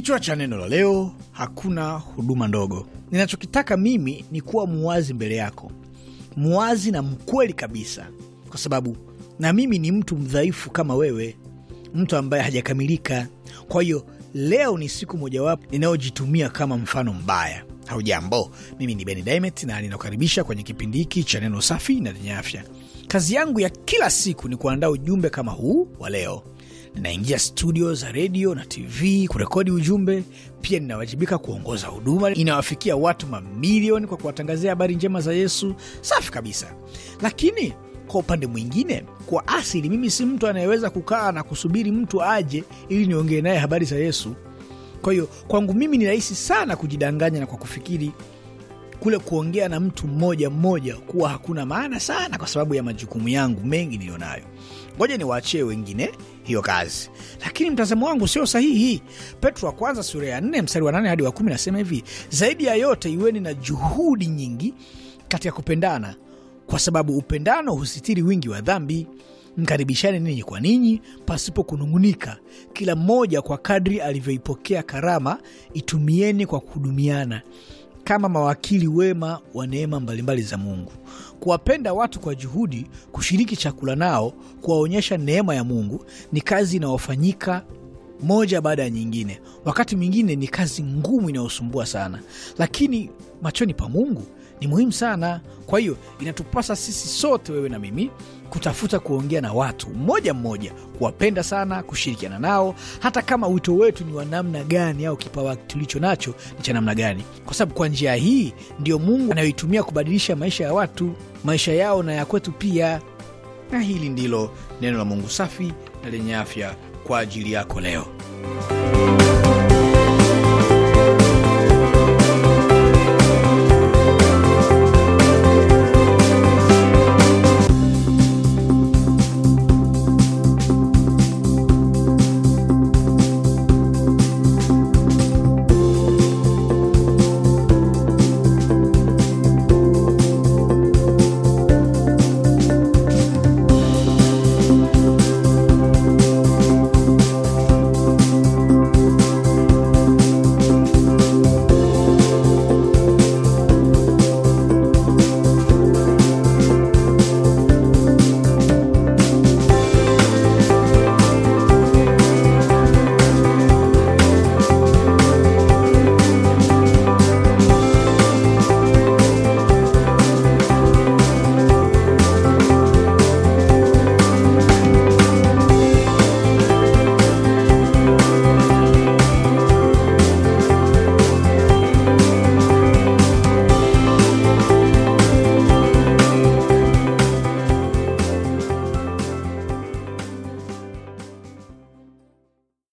Kichwa cha neno la leo, hakuna huduma ndogo. Ninachokitaka mimi ni kuwa muwazi mbele yako, muwazi na mkweli kabisa, kwa sababu na mimi ni mtu mdhaifu kama wewe, mtu ambaye hajakamilika. Kwa hiyo leo ni siku mojawapo ninayojitumia kama mfano mbaya. Haujambo, mimi ni Beni Dimet na ninakukaribisha kwenye kipindi hiki cha neno safi na lenye afya. Kazi yangu ya kila siku ni kuandaa ujumbe kama huu wa leo ninaingia studio za redio na TV kurekodi ujumbe. Pia ninawajibika kuongoza huduma inawafikia watu mamilioni kwa kuwatangazia habari njema za Yesu. Safi kabisa. Lakini kwa upande mwingine, kwa asili mimi si mtu anayeweza kukaa na kusubiri mtu aje ili niongee naye habari za Yesu. Kwa hiyo kwangu mimi ni rahisi sana kujidanganya na kwa kufikiri kule kuongea na mtu mmoja mmoja kuwa hakuna maana sana, kwa sababu ya majukumu yangu mengi niliyonayo. Ngoja niwaachie wengine hiyo kazi, lakini mtazamo wangu sio sahihi. Petro wa kwanza sura ya 4 mstari wa 8 hadi wa kumi nasema hivi: zaidi ya yote iweni na juhudi nyingi katika kupendana, kwa sababu upendano husitiri wingi wa dhambi. Mkaribishane ninyi kwa ninyi pasipo kunung'unika. Kila mmoja kwa kadri alivyoipokea karama, itumieni kwa kuhudumiana kama mawakili wema wa neema mbalimbali za Mungu, kuwapenda watu kwa juhudi, kushiriki chakula nao, kuwaonyesha neema ya Mungu ni kazi inayofanyika moja baada ya nyingine. Wakati mwingine ni kazi ngumu inayosumbua sana, lakini machoni pa Mungu ni muhimu sana. Kwa hiyo inatupasa sisi sote, wewe na mimi, kutafuta kuongea na watu mmoja mmoja, kuwapenda sana, kushirikiana nao, hata kama wito wetu ni wa namna gani au kipawa tulicho nacho ni cha namna gani, kwa sababu kwa njia hii ndio Mungu anayoitumia kubadilisha maisha ya watu, maisha yao na ya kwetu pia. Na hili ndilo neno la Mungu safi na lenye afya kwa ajili yako leo.